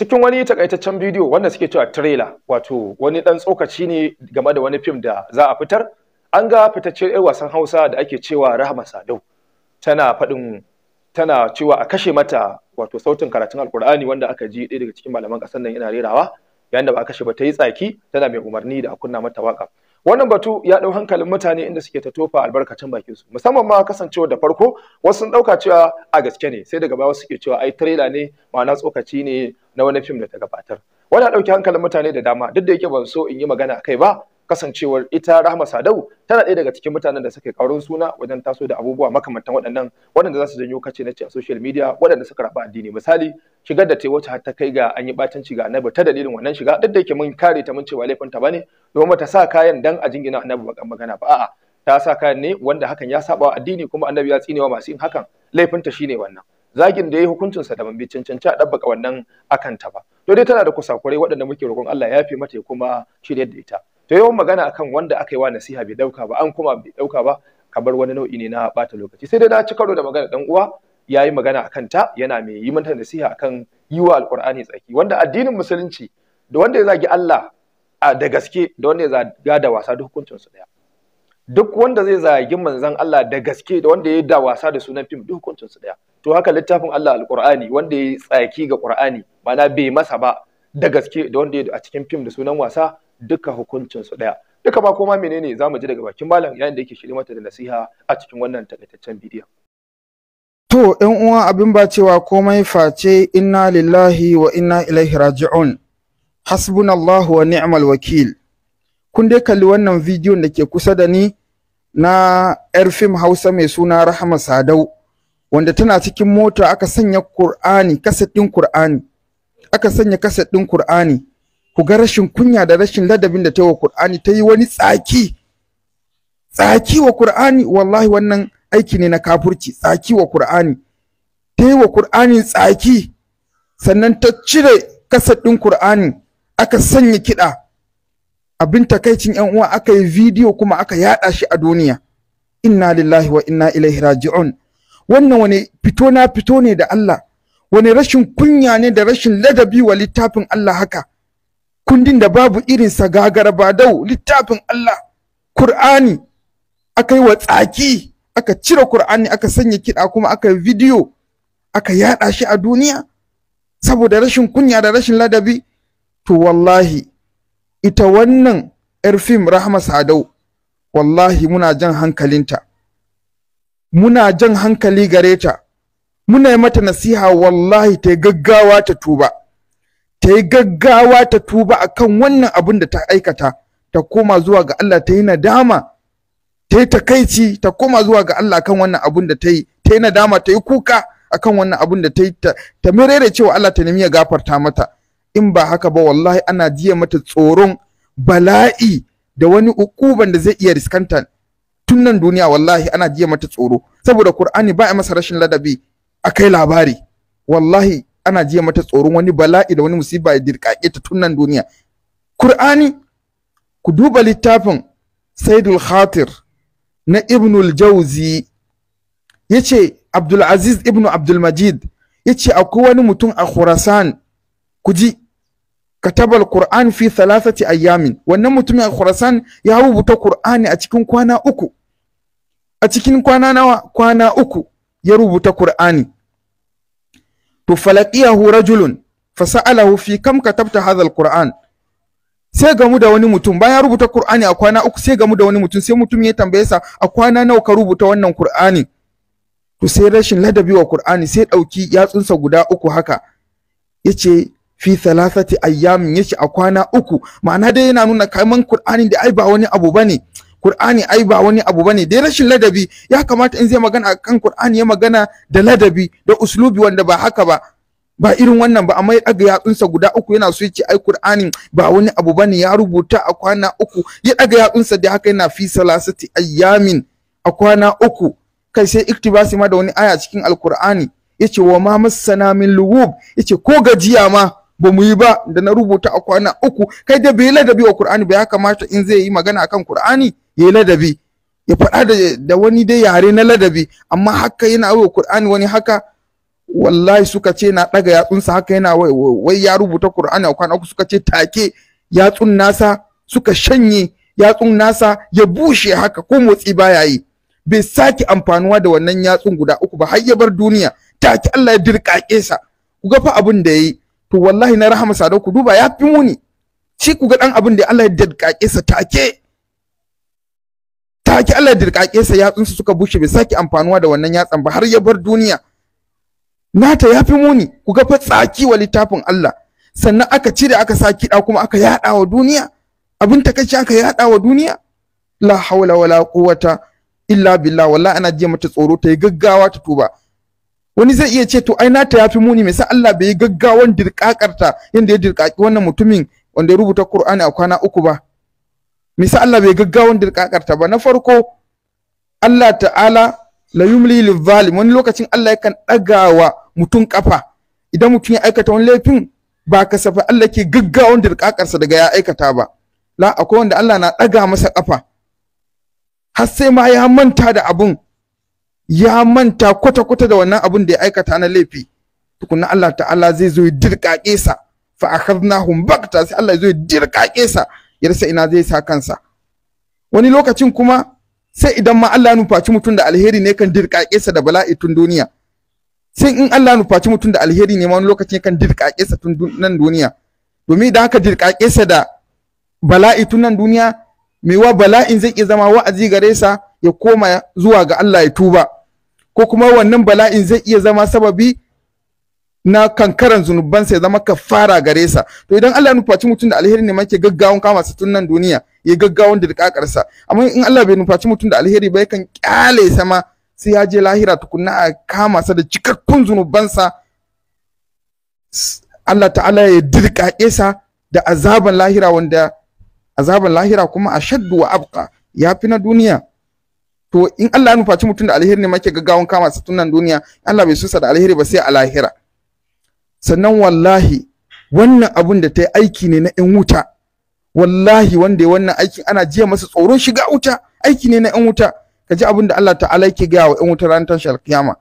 cikin wani takaitaccen bidiyo wanda suke cewa trailer wato wani dan tsokaci ne game da wani fim da za a fitar an ga fitaccen yar wasan Hausa da ake cewa Rahama Sadau tana faɗin tana cewa a kashe mata wato sautin karatun Alkur'ani wanda aka ji ɗaya daga cikin malaman ƙasar nan yana rerawa yayin da ba a kashe ba ta yi tsaki tana mai umarni da a kunna mata waka wannan batu ya ɗau hankalin mutane inda suke ta tofa albarkacin bakin su musamman ma kasancewa da farko wasu sun ɗauka cewa a gaske ne sai daga baya suke cewa ai trailer ne ma'ana tsokaci ne na wani fim da ta gabatar Wana ɗauki hankalin mutane da dama duk da yake ban so in yi magana kai ba kasancewar ita Rahma Sadau tana ɗaya daga cikin mutanen da suke ƙaurin suna wajen taso da abubuwa makamantan waɗannan waɗanda za su janyo kace na ce a social media waɗanda suka raba addini misali shigar da ta yi wata ta kai ga an yi ɓatanci ga annabi ta dalilin wannan shiga duk da yake mun kare ta mun cewa laifin ta bane domin ta sa kayan dan a jingina annabi kan magana ba a'a ta sa kayan ne wanda hakan ya saba addini kuma annabi ya tsinewa masu yin hakan laifin ta shine wannan zagin da ya yi hukuncinsa da bai cancanci a ɗabbaka wannan akan ta ba to dai tana da kusakurai waɗanda muke roƙon Allah ya fi mata ya kuma shirya da ita to yawan magana akan wanda aka yi wa nasiha bai ɗauka ba an kuma bai ɗauka ba kamar wani nau'i ne na bata lokaci sai dai na ci karo da magana ɗan uwa ya yi magana akan ta yana mai yi mata nasiha akan yiwa wa alƙur'ani tsaki wanda addinin musulunci da wanda ya zagi Allah da gaske da wanda ya zaga da wasa duk hukuncinsu ɗaya duk wanda zai zagi manzon Allah da gaske da wanda ya da wasa da sunan fim duk hukuncinsu ɗaya to haka littafin Allah alqur'ani wanda ya tsaki ga qur'ani mana bai masa ba da gaske da wanda ya a cikin fim da sunan wasa duka hukuncin su daya duka ba koma menene zamu ji daga bakin malam yayin da yake shirye mata da nasiha a cikin wannan takaitaccen bidiyon to ɗan uwa abin ba cewa komai face inna lillahi wa inna ilaihi raji'un hasbunallahu wa ni'mal wakil kun dai kalli wannan bidiyon da ke kusa da ni na yar fim Hausa mai suna Rahama Sadau wanda tana cikin mota aka sanya Qur'ani kaset ɗin Kur'ani. Aka sanya kaset din Qur'ani Ku ga rashin kunya da rashin ladabin da ta yi ta yi wani tsaki. Tsaki wa Kur'ani wallahi wannan aiki ne na kafurci tsaki wa Kur'ani. Ta yi wa Kur'ani tsaki sannan ta cire kaset ɗin Kur'ani aka sanya kiɗa. Abin takaicin 'yan uwa aka yi bidiyo kuma aka yaɗa shi a duniya. Inna lillahi wa inna ilaihi raji'un. wannan wani fito na fito ne da Allah wani rashin kunya ne da rashin ladabi wa littafin Allah haka kundin da babu irin gagara ba dau littafin Allah Kur'ani aka yi wa tsaki aka cire Kur'ani aka sanya kiɗa kuma aka yi bidiyo aka yaɗa shi a duniya saboda rashin kunya da rashin ladabi to wallahi ita wannan 'yar fim rahma Sadau wallahi muna jan hankalinta muna jan hankali gare ta muna yi mata nasiha wallahi ta yi gaggawa ta tuba ta yi gaggawa ta tuba akan wannan abin da ta aikata ta koma zuwa ga Allah ta yi nadama ta yi takaici ta koma zuwa ga Allah akan wannan abin da ta yi ta yi nadama ta yi kuka akan wannan abin da ta yi ta mirere cewa Allah ta nemi ya gafarta mata in ba haka ba wallahi ana jiya mata tsoron bala'i da wani ukuban da zai iya riskanta Tunnan duniya wallahi ana jiya mata tsoro saboda Kur'ani ba a masa rashin ladabi akai labari wallahi ana jiya mata tsoron wani bala'i da wani musiba ya dirkake ta tun duniya Qur'ani ku duba littafin Saidul Khatir na Ibnul Jauzi yace Abdul Aziz Ibn Abdul Majid yace akwai wani mutum a Khurasan ku ji ka al Kur'an fi salasati ayyamin wannan mutumin a Khurasan ya rubuta Kur'ani a cikin kwana uku a cikin kwana nawa kwana uku ya rubuta Kur'ani? to falaqiyahu rajulun fasa'alahu fi kam katabta hadha alquran sai gamu da wani mutum bayan rubuta Kur'ani a kwana uku sai gamu da wani mutum sai mutum ya tambaye sa a kwana nawa ka rubuta wannan Kur'ani. to sai rashin ladabi wa Kur'ani sai dauki yatsunsa guda uku haka yace fi thalathati ayyamin yace a kwana uku ma'ana dai yana nuna kaman Kur'ani da ai ba wani abu bane Qur'ani ai ba wani abu bane dai rashin ladabi ya kamata in zai magana akan Qur'ani ya magana da ladabi da uslubi wanda ba haka ba ba irin wannan ba amma ya daga yatsunsa guda uku yana so yace ai Qur'ani ba wani abu bane ya rubuta a kwana uku ya daga yatsunsa da haka yana fi salasati ayyamin a kwana uku kai sai iktibasi ma da wani aya cikin alkur'ani yace wa ma massana min luwub yace ko gajiya ma ba mu yi ba da na rubuta a kwana uku kai da bai ladabi wa Qur'ani ba ya kamata in zai yi magana akan Qur'ani ya yi ladabi ya faɗa da wani dai yare na ladabi amma haka yana wa Qur'ani wani haka wallahi suka ce na ɗaga yatsunsa haka yana wai ya rubuta Qur'ani a kwana uku suka ce take yatsun nasa suka shanye yatsun nasa ya bushe haka ko motsi baya yi bai sake amfanuwa da wannan yatsun guda uku ba har ya bar duniya take Allah ya dirƙaƙe sa ku ga fa abin da yayi to wallahi na rahama sadau ku duba ya fi muni shi ku ga dan abin da Allah ya dirƙaƙe sa take take Allah dirkake sa yatsunsa suka bushe bai sake amfanuwa da wannan yatsan ba har ya bar duniya nata ya fi muni ku ga fa tsaki wa littafin Allah sannan aka cire aka sa kiɗa kuma aka yaɗa wa duniya abin takaici aka yaɗa wa duniya la haula wala quwwata illa billah wallahi ana ji mata tsoro ta yi gaggawa ta tuba wani zai iya ce to ai nata ya fi muni me sa Allah bai yi gaggawan dirkakarta yanda ya dirkaki wannan mutumin wanda ya rubuta Qur'ani a kwana uku ba misa Allah bai gaggawan dirkakarta ba na farko Allah ta'ala la yumli lil zalim wani lokacin Allah yakan wa mutum kafa idan mutum ya aikata wani laifin ba kasafi Allah ke gaggawan dirkakarsa daga ya aikata ba la akwai wanda Allah na daga masa kafa har sai ma ya manta da abun ya manta kwata-kwata da wannan abun da ya aikata na laifi tukunna Allah ta'ala zai zo ya dirkake sa fa akhadnahum bakta sai Allah zai zo ya dirkake sa Yarsa ina zai sa kansa wani lokacin kuma sai idan ma Allah nufaci mutum da alheri ne kan dirƙaƙe sa da bala'i tun duniya sai in Allah nufaci mutum da alheri ne ma wani lokacin kan dirƙaƙe sa tun nan duniya domin idan aka dirƙaƙe sa da bala'i tun nan duniya mai wa bala'in zai iya zama wa'azi gare sa ya koma zuwa ga Allah ya tuba ko kuma wannan bala'in zai iya zama sababi na kankaran zunubansa ya zama kafara gare sa to idan Allah ya nufaci mutum da alheri ne make gaggawan kama su tun nan duniya ya gaggawan da sa amma in Allah bai nufaci mutum da alheri ba yakan kyale sama sai ya je lahira tukunna a kama sa da cikakkun zunubansa Allah ta'ala ya dirkake sa da azaban lahira wanda azaban lahira kuma ashaddu wa abqa yafi na duniya to in Allah ya nufaci mutum da alheri ne make gaggawan kama su tun nan duniya Allah bai susa da alheri ba sai a lahira sannan wallahi wannan abun da ta yi aiki ne na 'yan wuta wallahi wanda ya wannan aikin ana jiya masa tsoron shiga wuta aiki ne na 'yan wuta ka ji abin da Allah ta'ala yake gaya wa 'yan wuta ranar tashar kiyama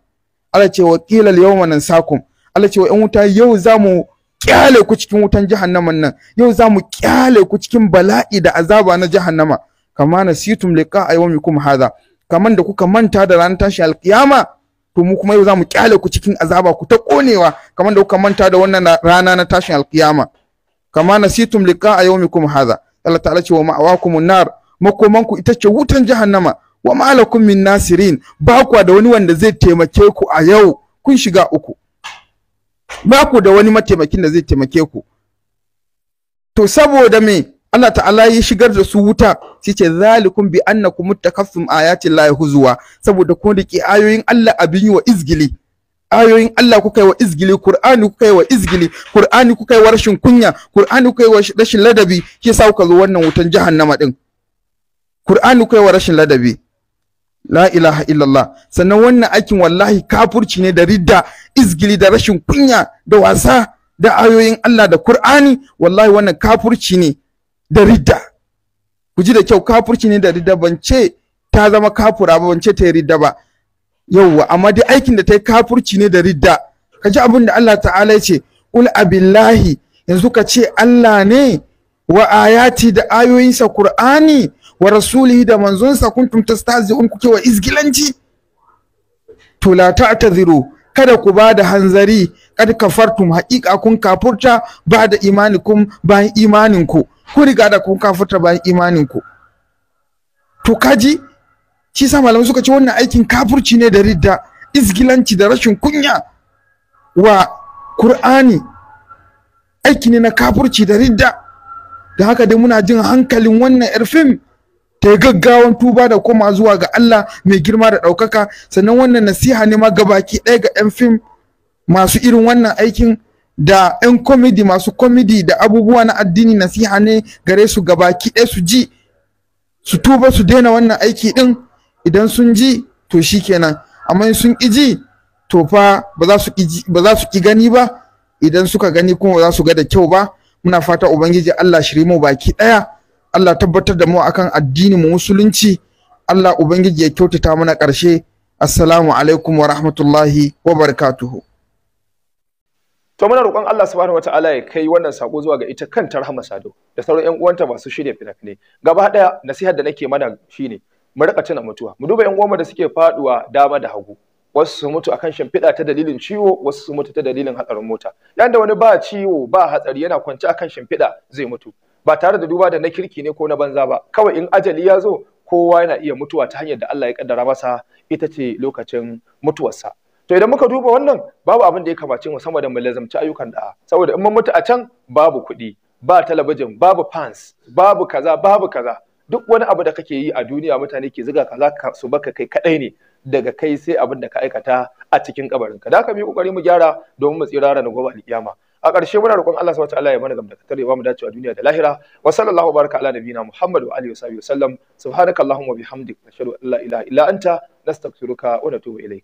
Allah ce wa qilal yawma nansakum Allah ce wa 'yan wuta yau za mu kyale ku cikin wutan jihannaman nan yau za mu kyale ku cikin bala'i da azaba na jahannama kama nasitum liqa ayyamikum hadha kaman da kuka manta da ranar tashar kiyama to mu kuma yau za mu kyale ku cikin azaba ku ta konewa kamar da kuka manta da wannan rana na tashin alkiyama kama nasitum liqa yawmikum hadha Allah ta'ala ce wa ma'awakumun nar makoman ku ita ce wutan jahannama wa malakum min nasirin ba ku da wani wanda zai taimake ku a yau kun shiga uku ba ku da wani mataimakin da zai taimake ku to saboda me Allah ta'ala ya shigar da su wuta Sice ce zalikum bi annakum mutakaffim ayatin la yahuzwa saboda kun rike ayoyin Allah abin yi wa izgili ayoyin Allah kuka yi wa izgili Qur'ani kuka yi wa izgili Qur'ani kuka yi wa rashin kunya Qur'ani kuka yi wa rashin ladabi shi yasa kuka zo wannan wutan jahannama din Qur'ani kuka yi wa rashin ladabi la ilaha illallah sannan wannan aikin wallahi kafurci ne da ridda izgili da rashin kunya da wasa da ayoyin Allah da Qur'ani wallahi wannan kafurci ne da ridda ku ji da kyau kafurci ne da ridda ban ce ta zama kafura ba ban ce ta yi ridda ba yauwa amma dai aikin da ta yi kafurci ne da ridda ka ji abin da Allah ta'ala ya ce ul abillahi yanzu ka ce Allah ne wa ayati da ayoyinsa Qur'ani wa rasulihi da manzonsa kuntum tastazi'un kuke wa izgilanci to la ta'taziru kada ku ba da hanzari kad kafartum haqiqa kun kafurta ba da imanikum bayan imaninku ku riga da kun kafurta bayan imanin ku to kaji shi sa malamai suka ce wannan aikin kafurci ne da ridda izgilanci da rashin kunya wa Kur'ani aiki ne na kafurci da ridda da haka dai muna jin hankalin wannan yar fim ta gaggawan tuba da koma zuwa ga Allah mai girma da ɗaukaka sannan wannan nasiha ne ma gabaki ɗaya ga 'yan fim masu irin wannan aikin da 'yan komedi masu komedi da abubuwa na addini nasiha ne gare su gabaki ɗaya su ji su tuba su daina wannan aiki ɗin idan sun ji to shi kenan amma sun ƙiji to fa ba za su ƙi gani ba idan suka gani kuma ba za su ga da kyau ba muna fata ubangiji Allah shiri mu baki ɗaya Allah tabbatar da mu akan addini mu musulunci Allah ubangiji ya kyautata mana ƙarshe assalamu alaikum wa rahmatullahi wa barakatuhu to muna roƙon Allah subhanahu wataala ya kai wannan sako zuwa ga ita kanta Rahama Sado da sauran ƴan uwanta masu shirya fina-finai gaba ɗaya nasihar da nake mana shine mu rika tuna mutuwa mu duba ƴan uwanmu da suke faduwa dama da hagu wasu su mutu akan shimfiɗa ta dalilin ciwo wasu su mutu ta dalilin hatsarin mota dan da wani ba ciwo ba hatsari yana kwance akan shimfiɗa zai mutu ba tare da duba da na kirki ne ko na banza ba kawai in ajali ya zo kowa yana iya mutuwa ta hanyar da Allah ya kaddara masa ita ce lokacin mutuwarsa to idan muka duba wannan babu abin da ya kamace mu sama da mu ayyukan da saboda in mun mutu a can babu kuɗi ba talabijin babu fans babu kaza babu kaza duk wani abu da kake yi a duniya mutane ke zuga kaza su baka kai kadai ne daga kai sai abin da ka aikata a cikin kabarinka da ka mu kokari mu gyara domin mu tsira goba gobe alkiyama a ƙarshe muna roƙon Allah subhanahu wataala ya mana gamdakatar ya ba mu a duniya da lahira wa sallallahu baraka ala nabiyina Muhammad wa alihi wa sahbihi sallam subhanakallahumma wa bihamdika ashhadu an la ilaha illa anta nastaghfiruka wa natubu ilayk